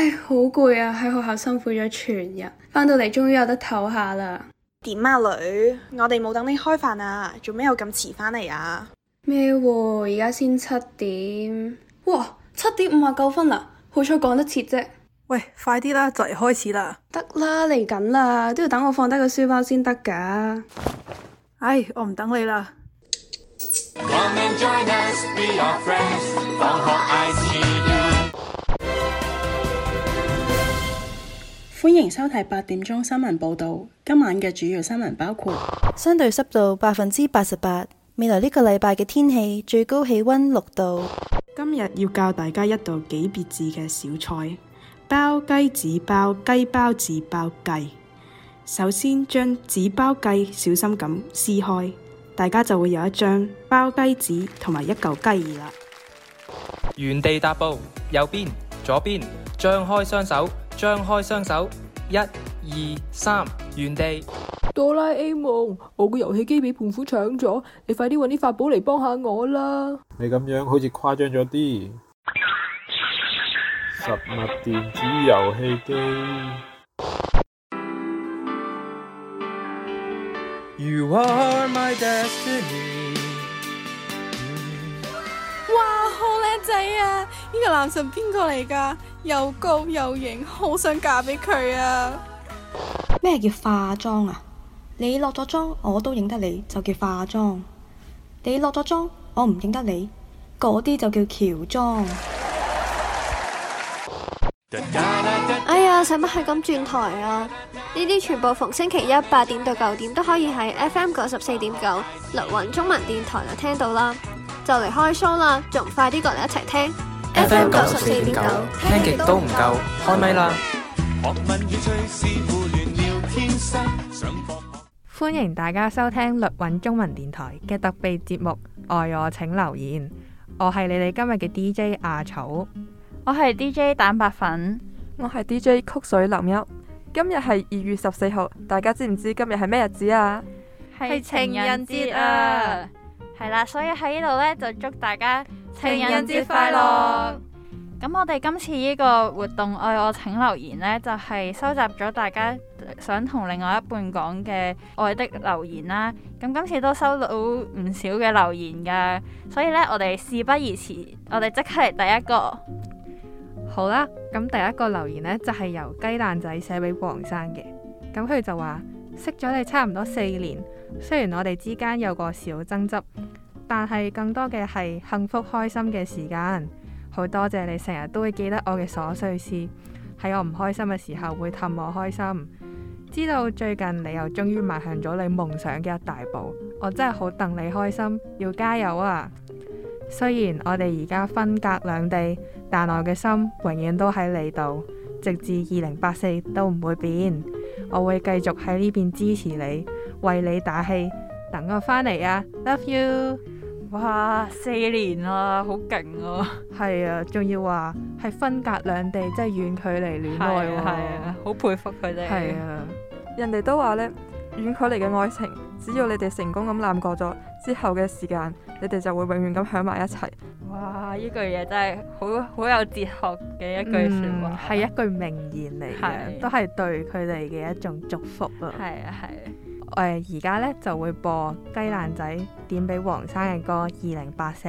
唉，好攰啊！喺學校辛苦咗全日，翻到嚟終於有得唞下啦。點啊女，我哋冇等你開飯啊，做咩又咁遲翻嚟啊？咩？而家先七點？哇，七點五啊九分啦，好彩講得切啫。喂，快啲啦，就嚟開始啦。得啦，嚟緊啦，都要等我放低個書包先得噶。唉，我唔等你啦。歡迎收睇八點鐘新聞報道。今晚嘅主要新聞包括相對濕度百分之八十八。未來呢個禮拜嘅天氣，最高氣溫六度。今日要教大家一道幾別緻嘅小菜——包雞子包雞包子包，包，包雞。首先將紙包雞小心咁撕開，大家就會有一張包雞紙同埋一嚿雞耳啦。原地踏步，右邊，左邊，張開雙手。張開雙手，一、二、三，原地。哆啦 A 夢，我個遊戲機俾胖虎搶咗，你快啲揾啲法寶嚟幫下我啦！你咁樣好似誇張咗啲。實物電子遊戲機。You are my destiny. 哇，好靚仔啊！呢個男神邊個嚟噶？又高又型，好想嫁俾佢啊！咩叫化妝啊？你落咗妝，我都認得你，就叫化妝。你落咗妝，我唔認得你，嗰啲就叫喬裝。 哎呀，使乜係咁轉台啊？呢啲 全部逢星期一八點到九點都可以喺 FM 九十四點九流雲中文電台嚟聽到啦。就嚟開 show，啊，啦，仲快啲過嚟一齊聽 FM 九十四點九，聽極都唔夠，開咪啦！歡迎大家收聽律韻中文電台嘅特別節目，愛我請留言，我係你哋今日嘅 DJ 阿草，我係 DJ 蛋白粉，我係 DJ 曲水流喵，今日係二月十四號，大家知唔知今日係咩日子啊？係情人節啊！係啦，所以喺呢度呢，就祝大家情人節快樂。咁我哋今次呢個活動愛我請留言呢，就係收集咗大家想同另外一半講嘅愛的留言啦。咁今次都收到唔少嘅留言噶，所以呢，我哋事不宜遲，我哋即刻嚟。第一個好啦，咁第一個留言呢，就係由雞蛋仔寫俾黃生嘅，咁佢就話。識咗你差唔多四年，雖然我哋之間有個小爭執，但係更多嘅係幸福開心嘅時間。好多謝你成日都會記得我嘅瑣碎事，喺我唔開心嘅時候會氹我開心。知道最近你又終於邁向咗你夢想嘅一大步，我真係好戥你開心，要加油啊！雖然我哋而家分隔兩地，但我嘅心永遠都喺你度，直至二零八四都唔會變。我會繼續喺呢邊支持你，為你打氣。等我返嚟啊，Love you！哇，四年啦，好勁啊！係 啊，仲要話係分隔兩地，即係遠距離戀愛，係啊，好、啊啊、佩服佢哋。係啊，人哋都話呢，遠距離嘅愛情，只要你哋成功咁攬過咗之後嘅時間，你哋就會永遠咁響埋一齊。啊！呢句嘢真係好好有哲學嘅一句說話，係、嗯、一句名言嚟嘅，是。都係對佢哋嘅一種祝福啊！係啊係。誒、呃，而家咧就會播雞蛋仔點俾黃生嘅歌《二零八四》。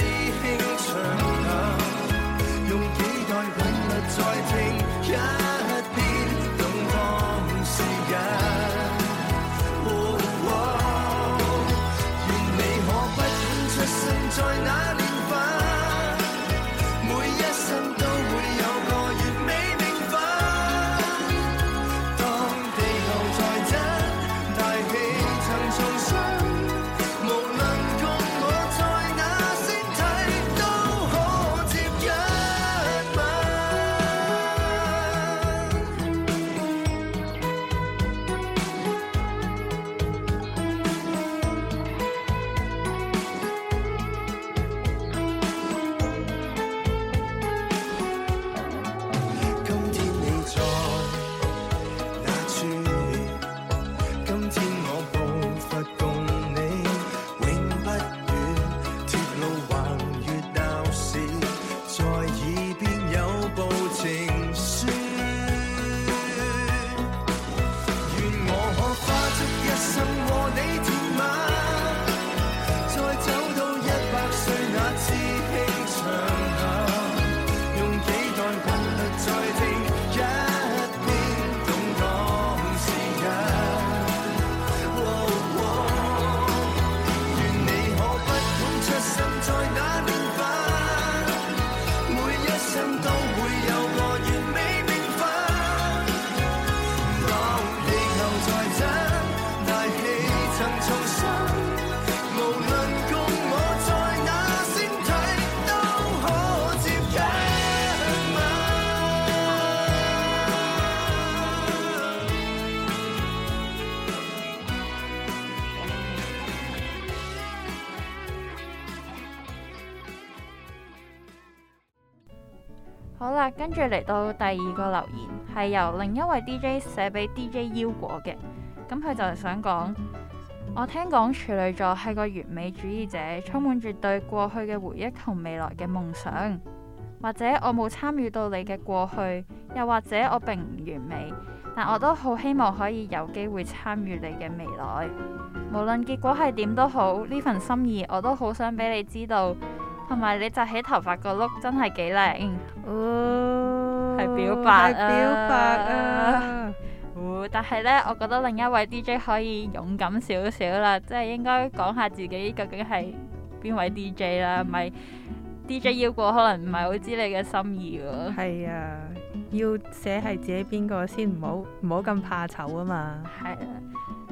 跟住嚟到第二個留言，係由另一位 DJ 寫俾 DJ 腰果嘅，咁佢就係想講：我聽講處女座係個完美主義者，充滿住對過去嘅回憶同未來嘅夢想。或者我冇參與到你嘅過去，又或者我並唔完美，但我都好希望可以有機會參與你嘅未來。無論結果係點都好，呢份心意我都好想俾你知道。同埋你扎起頭髮個 look 真係幾靚，係 表白啊！表白啊！呃、但係呢，我覺得另一位 DJ 可以勇敢少少啦，即係應該講下自己究竟係邊位 DJ 啦，咪 DJ 邀過可能唔係好知你嘅心意喎。係啊，要寫係自己邊個先，唔好唔好咁怕醜啊嘛。係 啊。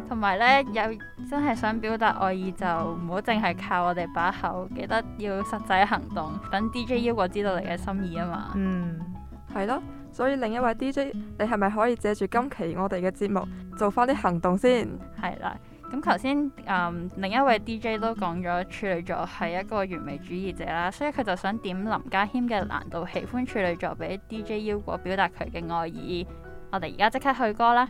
同埋咧，有呢真係想表達愛意就唔好淨係靠我哋把口，記得要實際行動，等 DJ 腰果知道你嘅心意啊嘛。嗯，係咯，所以另一位 DJ，你係咪可以借住今期我哋嘅節目做翻啲行動先？係啦，咁頭先嗯，另一位 DJ 都講咗處女座係一個完美主義者啦，所以佢就想點林家謙嘅難度喜歡處女座俾 DJ 腰果表達佢嘅愛意。我哋而家即刻去歌啦！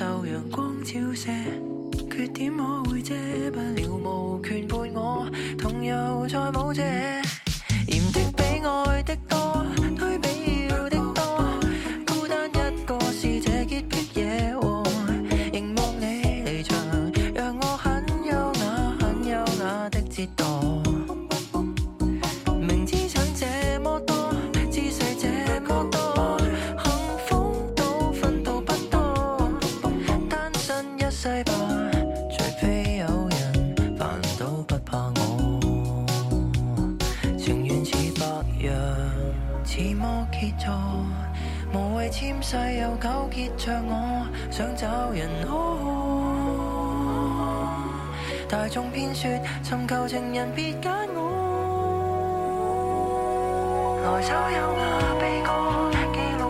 受陽光照射。大眾偏說尋求情人別揀我，來首優雅悲歌記錄。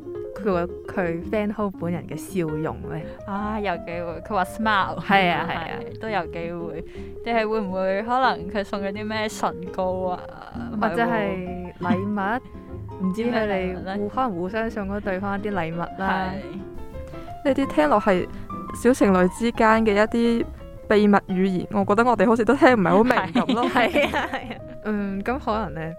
佢話佢 fan girl 本人嘅笑容咧，啊，有機會，佢話 smile，係啊係啊，都、嗯啊、有機會。即係會唔會可能佢送咗啲咩唇膏啊，或者係禮物，唔 知佢哋、 啊、互可能互相送咗對方一啲禮物啦。呢啲聽落係小情侶之間嘅一啲秘密語言，我覺得我哋好似都聽唔係好明咁咯。係啊，啊，啊，嗯，咁可能咧。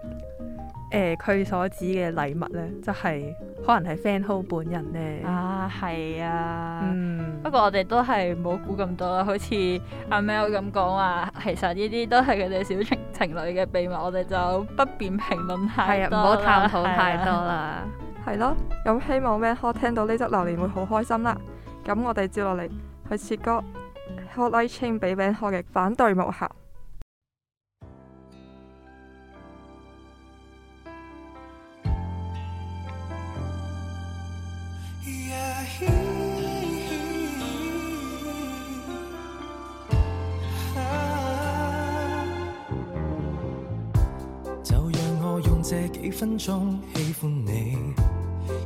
誒佢、呃、所指嘅禮物呢，就係可能係 Van Hal 本人呢？啊，係啊。嗯。不過我哋都係唔好估咁多啦，好似阿 Mel 咁講話，其實呢啲都係佢哋小情情侶嘅秘密，我哋就不便評論太多。係啊，唔好探討太多啦。係咯、啊，咁、啊、希望 Van Hal 聽到呢則留言會好開心啦。咁我哋接落嚟去切歌，Hotline Bling 俾 Van Hal 嘅反對無效。這幾分鐘喜歡你，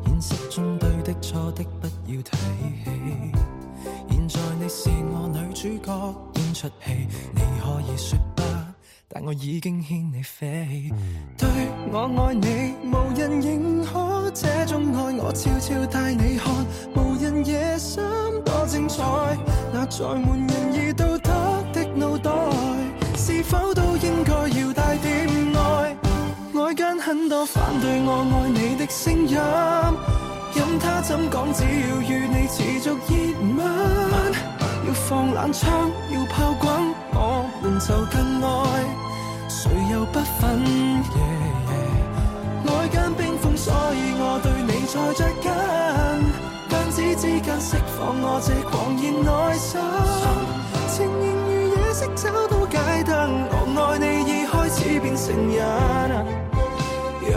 現實中對的錯的不要提起。現在你是我女主角，演出戲，你可以說吧，但我已經牽你飛。對，我愛你，無人認可這種愛，我悄悄帶你看，無人夜深多精彩，那載滿仁義道德的腦袋，是否都應該要帶？很多反對我愛你的聲音，任他怎講，只要與你持續熱吻。要放冷槍，要炮轟，我們就更愛，誰又不忿？外、yeah, 間、yeah. 冰封，所以我對你才着緊。彈指之間釋放我這狂熱內心，情形如夜色找到街燈。我愛你已開始變成癮。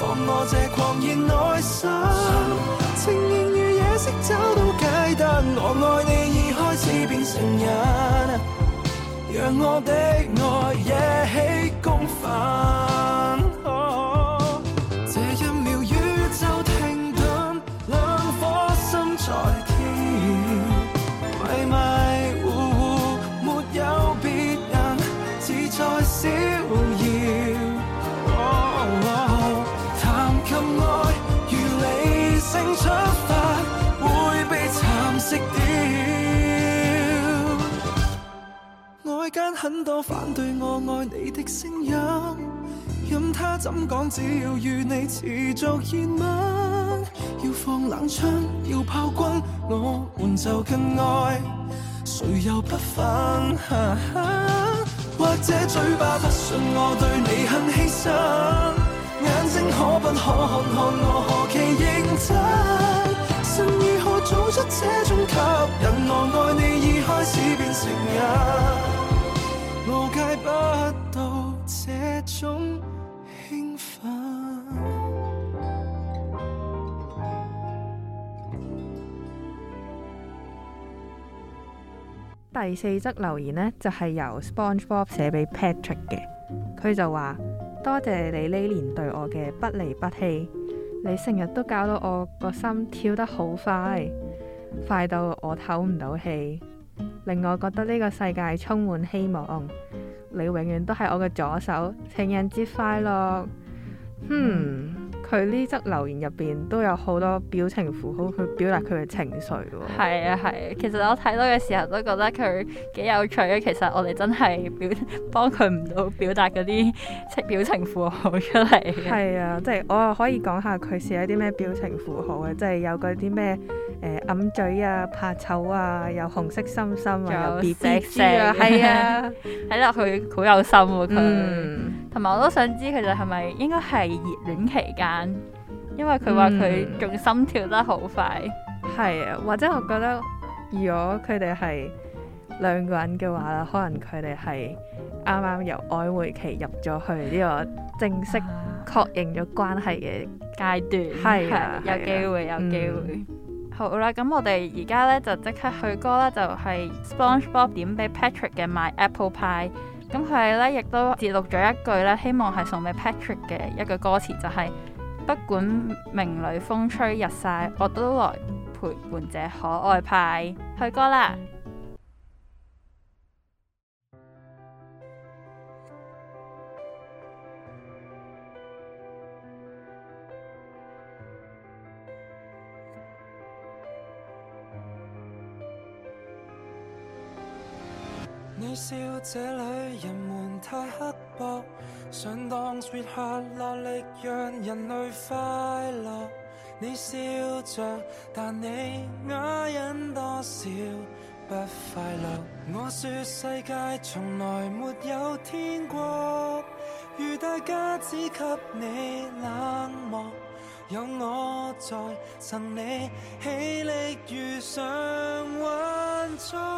放我這狂熱內心，情形如夜色找到街燈。我愛你已開始變成癮，讓我的愛惹起公憤。世間很多反對我愛你的聲音，任他怎講，只要與你持續熱吻，要放冷槍，要炮轟，我們就更愛，誰又不忿？哈哈，或者嘴巴不信我對你很犧牲，眼睛可不可看看我何其認真？神如何做出這種吸引我愛你，已開始變成癮。第四則留言呢，就係、是、由 SpongeBob 寫俾 Patrick 嘅。佢就話：多謝你呢年對我嘅不離不棄，你成日都搞到我個心跳得好快，快到我唞唔到氣，令我覺得呢個世界充滿希望。你永遠都係我嘅左手，情人節快樂。嗯、hmm。佢呢則留言入邊都有好多表情符號，去表達佢嘅情緒喎、哦。係啊係、啊，其實我睇到嘅時候都覺得佢幾有趣啊。其實我哋真係表幫佢唔到表達嗰啲即表情符號出嚟嘅。係啊，即、就、係、是、我又可以講下佢寫啲咩表情符號啊。即、就、係、是、有嗰啲咩誒抿嘴啊、拍手啊、有紅色心、啊、 心啊、又 B B 啊，係啊、嗯，睇落佢好有心喎佢。同埋我都想知，佢哋係咪應該係熱戀期間？因為佢話佢仲心跳得好快。係啊、嗯，或者我覺得，如果佢哋係兩個人嘅話啦，嗯、可能佢哋係啱啱由曖昧期入咗去呢個正式確認咗關係嘅階段。係有機會有機會。機會嗯、好啦，咁我哋而家呢，就即刻去歌啦，就係、是、SpongeBob 點俾 Patrick 嘅 My Apple Pie、嗯。咁佢係咧，亦都節錄咗一句咧，希望係送俾 Patrick 嘅一句歌詞，就係，就係 不管明雨風吹日曬，我都來陪伴者可愛派。去歌啦！你笑，這裏人們太刻薄，想當說客落力讓人類快樂。你笑着，但你啞忍多少不快樂。我說世界從來沒有天國，如大家只給你冷漠，有我在，贈你氣力如常運作。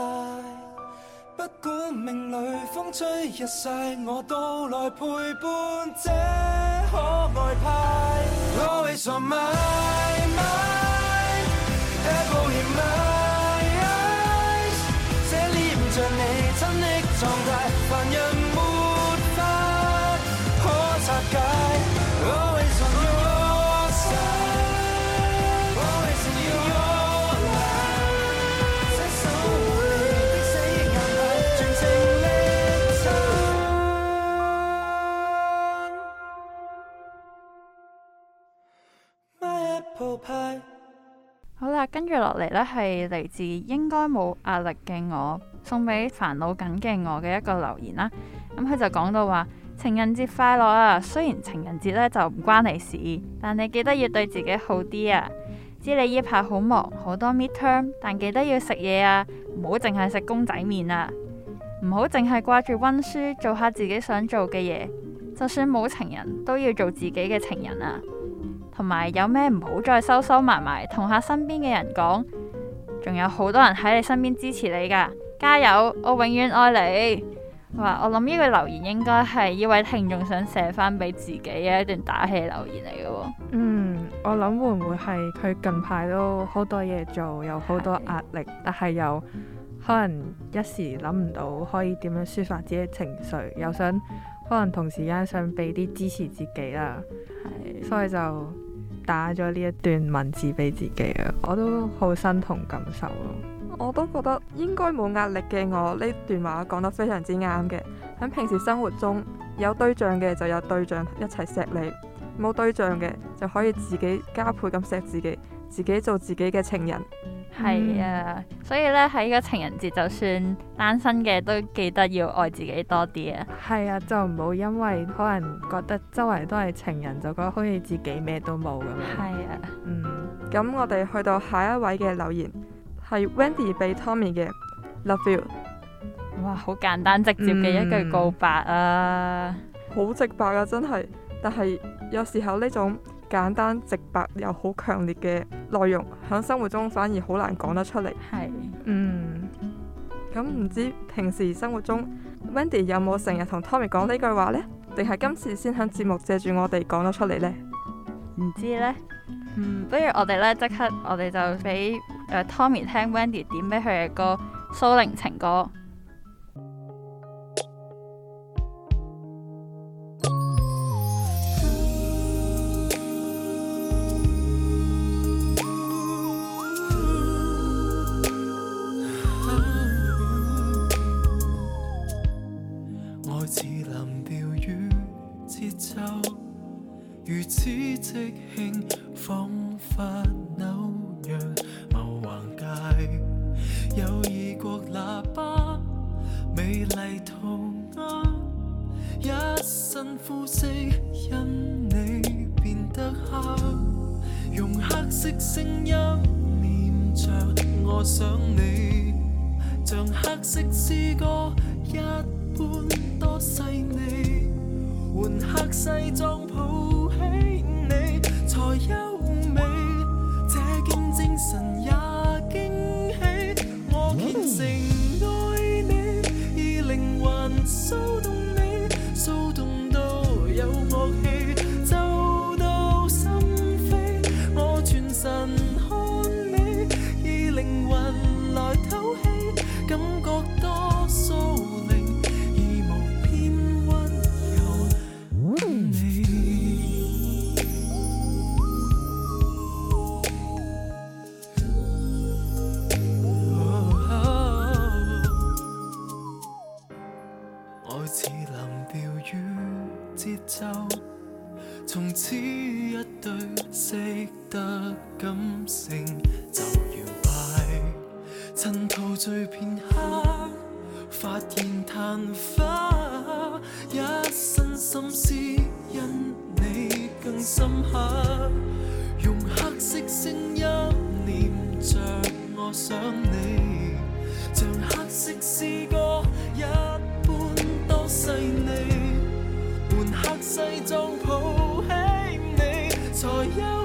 命裡風吹日曬，我都來陪伴這可愛派 Always on my mind。跟住落嚟呢，係嚟自應該冇壓力嘅我，送俾煩惱緊嘅我嘅一個留言啦。咁佢就講到話：情人節快樂啊！雖然情人節呢就唔關你事，但你記得要對自己好啲啊。知你依排好忙，好多 midterm，但記得要食嘢啊，唔好淨係食公仔麵啊，唔好淨係掛住溫書，做下自己想做嘅嘢。就算冇情人，都要做自己嘅情人啊！同埋有咩唔好再收收埋埋，同下身邊嘅人講，仲有好多人喺你身邊支持你㗎，加油！我永遠愛你。哇，我諗呢個留言應該係呢位聽眾想寫返俾自己嘅一段打氣留言嚟嘅。嗯，我諗會唔會係佢近排都好多嘢做，有好多壓力，的但係又可能一時諗唔到可以點樣抒發自己情緒，又想可能同時間想俾啲支持自己啦。係的，所以就。打咗呢一段文字俾自己啊，我都好身同感受咯。我都覺得應該冇壓力嘅，我呢段話講得非常之啱嘅。喺平時生活中有對象嘅就有對象一齊錫你，冇對象嘅就可以自己加倍咁錫自己。自己做自己嘅情人，係啊、嗯， 嗯、所以咧喺個情人節，就算單身嘅都記得要愛自己多啲啊。係啊，就唔好因為可能覺得周圍都係情人，就覺得好似自己咩都冇咁樣。係啊， 嗯，咁我哋去到下一位嘅留言係 Wendy 俾 Tommy 嘅 Love You。哇，好簡單直接嘅一句告白啊、嗯，好直白啊，真係。但係有時候呢種。簡單直白又好強烈嘅內容，喺生活中反而好難講得出嚟。係是、嗯，嗯，咁唔、嗯、知平時生活中 Wendy 有冇成日同 Tommy 講呢句話呢？定係今次先喺節目借住我哋講咗出嚟呢？唔知呢。嗯，不如我哋呢，即刻，我哋就俾誒 Tommy 聽 Wendy 點俾佢嘅歌《蘇寧情歌》。色因你變得黑，用黑色聲音念着我想你，像黑色詩歌一般多細膩，換黑西裝抱起你才休。醉片刻，發現曇花，一身心思因你更深刻。用黑色聲音念着「我想你」，像黑色詩歌一般多細膩，換黑西裝抱起你才休。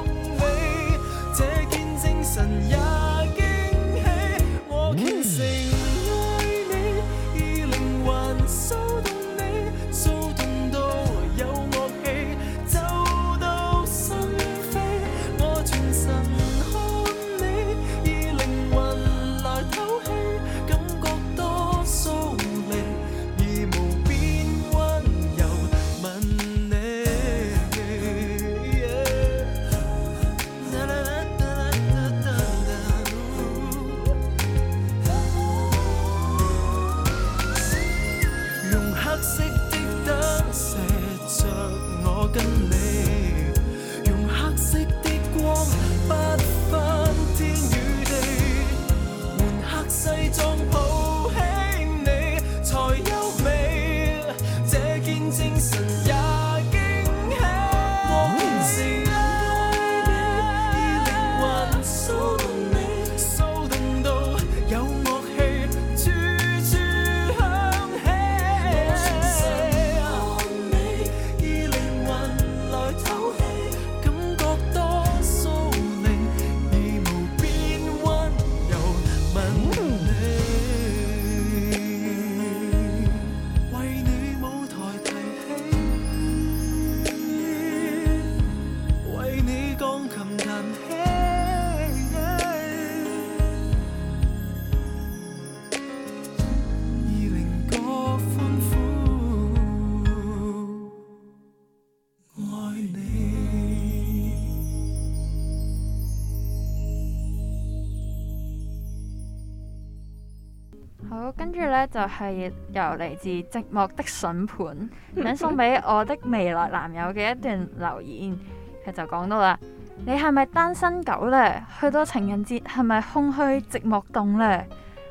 跟住咧就係由嚟自寂寞的筍盤，想 送俾我的未來男友嘅一段留言，佢 就講到啦：你係咪單身狗呢？去到情人節係咪空虛寂寞凍呢？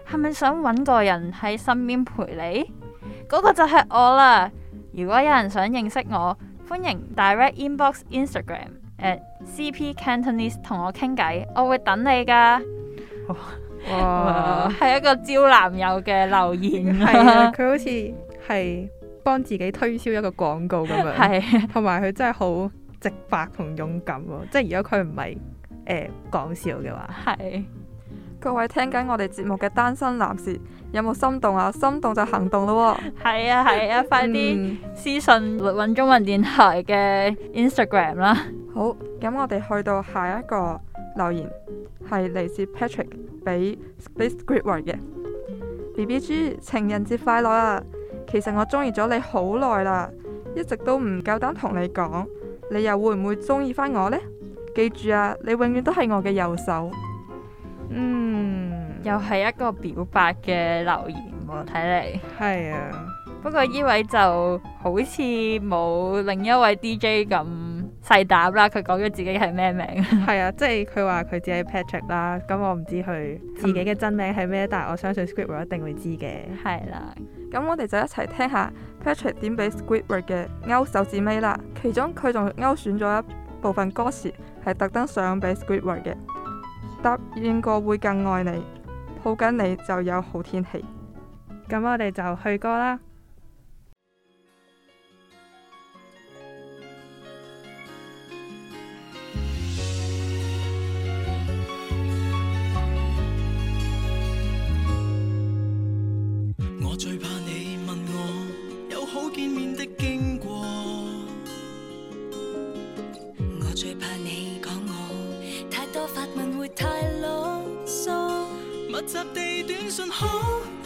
係咪想揾個人喺身邊陪你？嗰、嗰個就係我啦！如果有人想認識我，歡迎 Direct Inbox Instagram at CP Cantonese 同我傾偈，我會等你㗎。 哇，係一個招男友嘅留言，係 啊，佢好似係幫自己推銷一個廣告咁樣，係、 啊，同埋佢真係好直白同勇敢喎，即係如果佢唔係誒講笑嘅話，係。各位聽緊我哋節目嘅單身男士，有冇心動啊？心動就行動咯，係啊係啊，快啲私信揾中文電台嘅 Instagram 啦。 好，咁我哋去到下一個留言，係嚟自 Patrick 俾 Space Great 嘅 B B G，情人節快樂啊！其實我中意咗你好耐啦，一直都唔夠膽同你講，你又會唔會中意翻我呢？記住啊，你永遠都係我嘅右手。嗯，又係一個表白嘅留言喎，睇嚟。係啊，不過呢位就好似冇另一位 D J 咁。細膽啦，佢講咗自己係咩名？係 啊，即係佢話佢自己係 Patrick 啦，咁我唔知佢自己嘅、啊、真名係咩，但係我相信 Squidward 一定會知嘅。係啦，咁、 嗯、我哋就一齊聽，聽一下 Patrick 點俾 Squidward 嘅勾手指尾啦。其中佢仲勾選咗一部分歌詞係特登上俾 Squidward 嘅，答應過會更愛你，抱緊你就有好天氣。咁 我哋就去歌啦。集地短信好，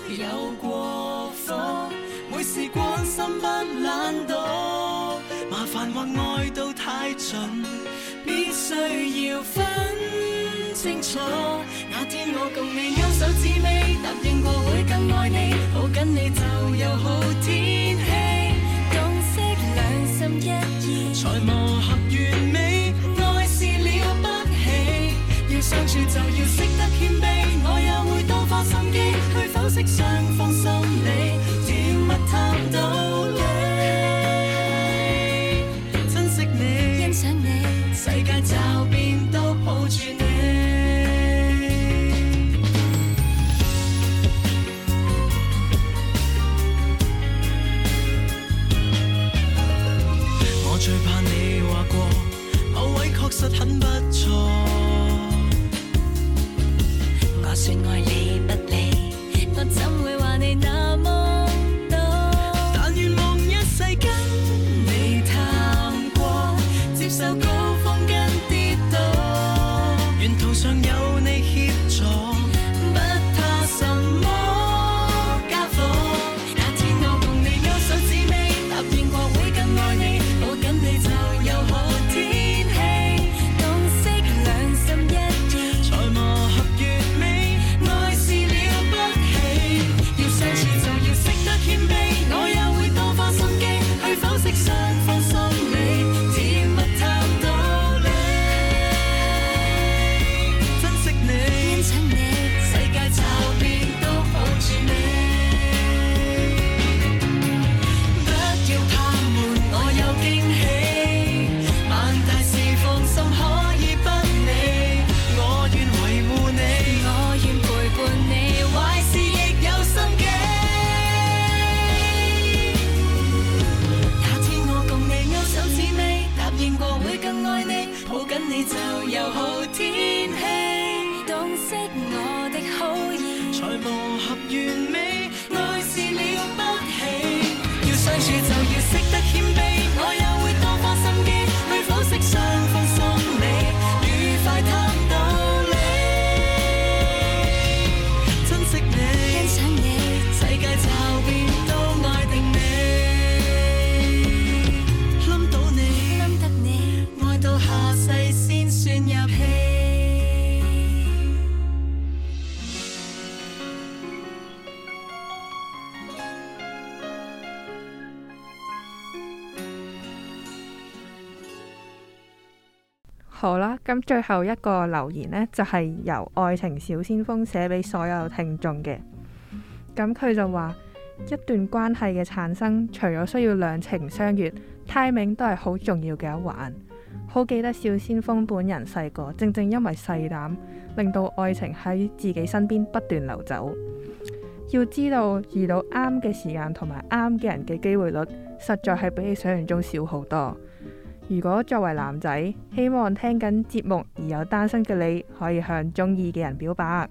有過火？每事關心不懶惰，麻煩或愛到太盡，必須要分清楚。那天我共你勾手指尾，答應過會更愛你，抱緊你就有好天氣。雙方心理。好啦，咁最後一個留言呢，就係由愛情小先鋒寫俾所有聽眾嘅。咁佢就話，一段關係嘅產生，除咗需要兩情相悦，timing 都係好重要嘅一環。好記得小先鋒本人細個，正正因為細膽，令到愛情喺自己身邊不斷流走。要知道遇到啱嘅時間同埋啱嘅人嘅機會率，實在係比你想象中少好多。如果作為男仔，希望聽緊節目而有單身嘅你，可以向中意嘅人表白。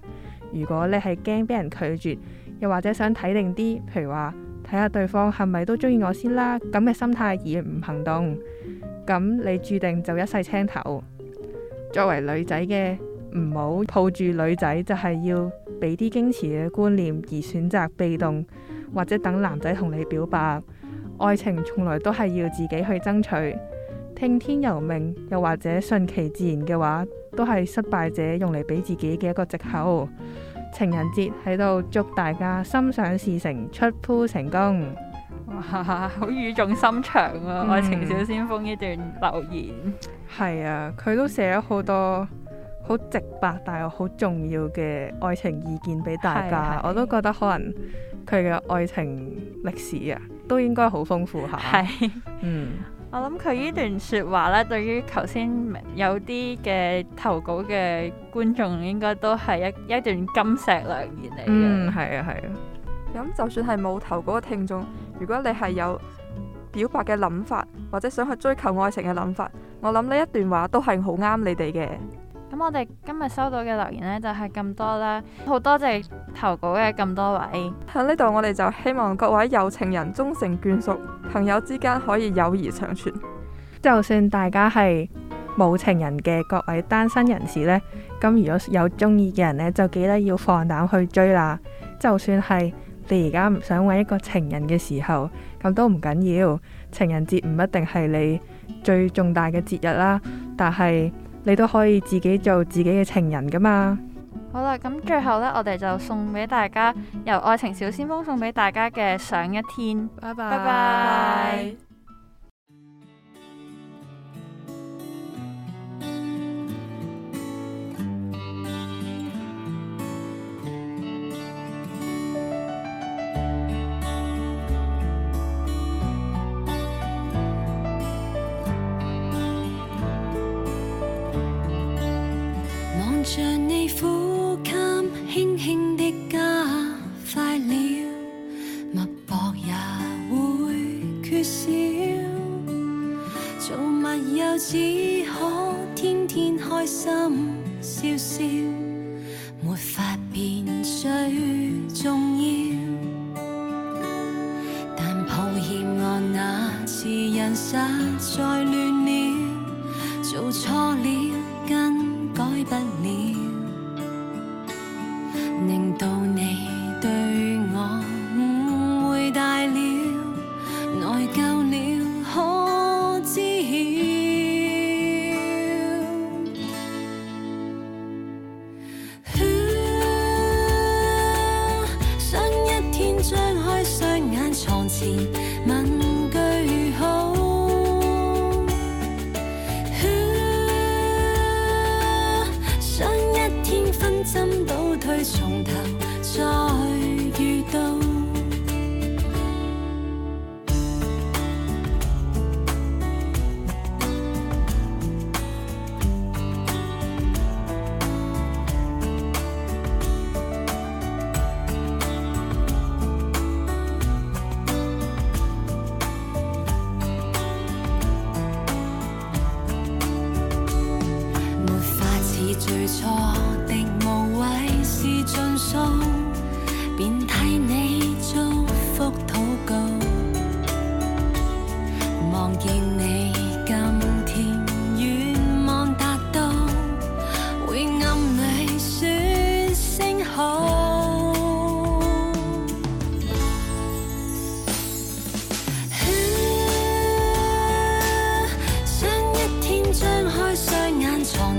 如果你係驚俾人拒絕，又或者想睇定啲，譬如話睇下對方係咪都中意我先啦，咁嘅心態而唔行動，咁你注定就一世青頭。作為女仔嘅，唔好抱住女仔就係要俾啲矜持嘅觀念而選擇被動，或者等男仔同你表白。愛情從來都係要自己去爭取。聽天由命，又或者順其自然嘅話，都係失敗者用嚟俾自己嘅一個借口。情人節喺度祝大家心想事成，出鋪成功。哇，好語重心長啊！嗯、愛情小先鋒呢段留言。係啊，佢都寫咗好多好直白但係好重要嘅愛情意見俾大家。係係，我都覺得可能佢嘅愛情歷史啊都應該好豐富下。係，嗯。我諗佢呢段說話咧，對於頭先有啲嘅投稿嘅觀眾，應該都係一一段金石良言嚟嘅。嗯、係啊，係啊。咁就算係冇投稿嘅聽眾，如果你係有表白嘅諗法，或者想去追求愛情嘅諗法，我諗呢一段話都係好啱你哋嘅。咁我哋今日收到嘅留言呢，就係咁多啦，好多謝投稿嘅咁多位。喺呢度我哋就希望各位有情人終成眷屬，朋友之間可以友誼長存。就算大家係冇情人嘅各位單身人士呢，咁如果有中意嘅人呢，就記得要放膽去追啦。就算係你而家唔想揾一個情人嘅時候，咁都唔緊要。情人節唔一定係你最重大嘅節日啦，但係。你都可以自己做自己嘅情人噶嘛？好啦，咁最後呢，我哋就送俾大家，由愛情小先鋒送俾大家嘅上一天，拜拜拜拜